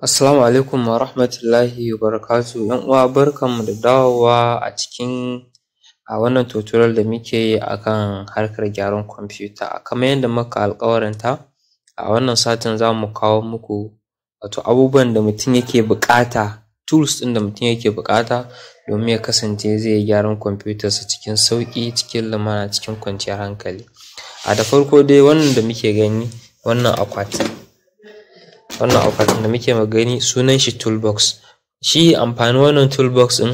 Assalamu alaikum wa rahmatullahi wa barakatu. ‘yan uwa mu da dawowa a cikin a wannan tutorial da muke yi kan harkar gyaran kwamfuta kamar yadda muka alkawarinta a wannan satin za mu kawo muku wato abubuwan da mutum yake buƙata tools ɗin da mutum yake bukata domin ya kasance zai yi gyaran kwamfutarsa cikin sauki cikin lumana cikin kwanciyar hankali a da farko dai wannan da muke gani wannan akwatin wannan akwatin da muke magani sunan shi toolbox shi amfani wannan toolbox ɗin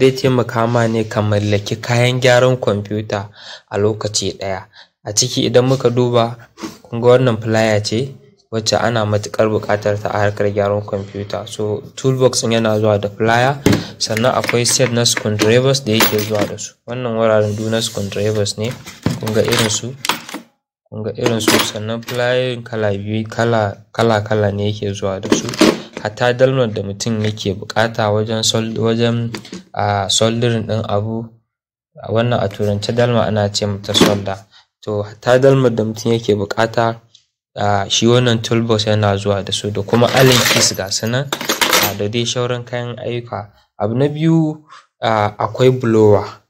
zai taimaka ma ne ka mallaki kayan gyaran kwamfuta a lokaci ɗaya a ciki idan muka duba kun ga wannan flyer ce wacce ana matuƙar buƙatar ta a harkar gyaran kwamfuta so toolbox ɗin yana zuwa da flyer sannan akwai set na screwdrivers da yake zuwa da su wannan wuraren du na screwdrivers ne kun ga irin su Kunga irin su sannan fulayoyin kala biyu kala kala ne yake zuwa da su hatta dalmar da mutum yake bukata wajen wajen a soldirin din abu wannan a turance dalma ana ce mata solda to hatta dalmar da mutum yake bukata a shi wannan toolbox yana zuwa da su da kuma allen keys ga sanan da dai shauran kayan ayyuka abu na biyu akwai blower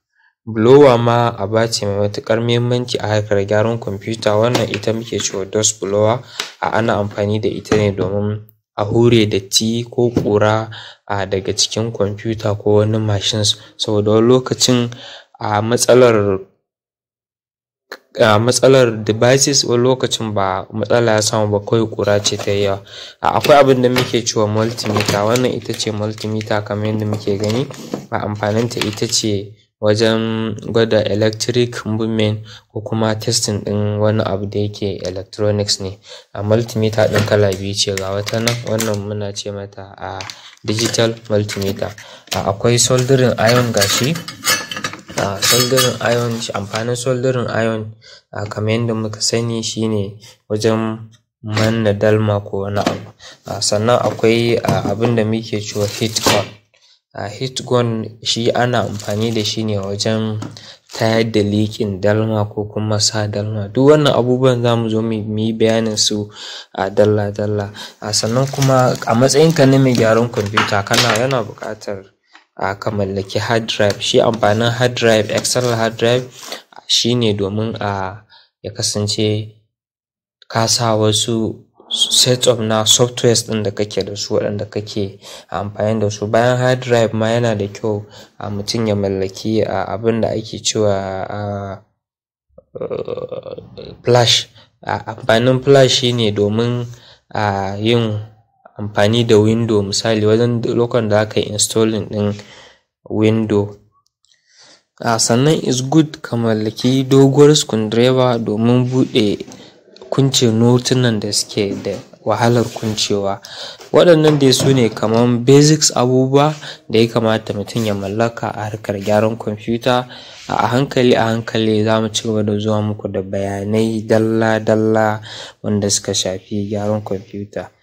blower ma aba ce mai matuƙar muhimmanci a harkar gyaran kwamfuta wannan ita muke cewa dos blower a ana amfani da ita ne domin a hure datti ko ƙura a daga cikin kwamfuta ko wani mashin. saboda wani lokacin a matsalar a matsalar devices wani lokacin ba matsala ya samu ba kawai ƙura ce ta yawa akwai abinda da muke cewa multimeter wannan ita ce multimeter kamar yadda muke gani a amfaninta ita ce wajen gwada electric movement ko kuma testing ɗin wani abu da yake electronics ne a multimeter ɗin kala biyu ce ga wata nan wannan muna ce mata a digital multimeter akwai soldering iron gashi a soldering iron amfanin soldering iron a kamar yadda muka sani shine wajen manna dalma ko wani abu sannan akwai abinda muke cewa heat core A heat gun shi ana amfani da shi ne wajen tayar da liƙin dalma ko kuma sa dalma. Duk wannan abubuwan za mu zo mu yi bayanin su a dalla dalla. Sannan kuma a matsayin ka na mai gyaran kwamfuta kana yana buƙatar a ka mallaki hard drive. Shi amfanin hard drive external hard drive shi ne domin a ya kasance ka sa wasu setup na softwares din da kake da su waɗanda kake amfani da su bayan hard drive ma yana da kyau a mutum ya mallaki a abin da ake cewa eh, flash amfanin flash shine domin a yin amfani da window misali wajen lokacin da aka installing din window a sannan is good ka mallaki doguwar screwdriver domin buɗe kunce notunan da suke da wahalar kuncewa waɗannan dai su ne kamar basics abubuwa da ya kamata mutum ya mallaka a harkar gyaran kwamfuta a hankali a hankali za mu ci gaba da zuwa muku da bayanai dalla dalla wanda suka shafi gyaran kwamfuta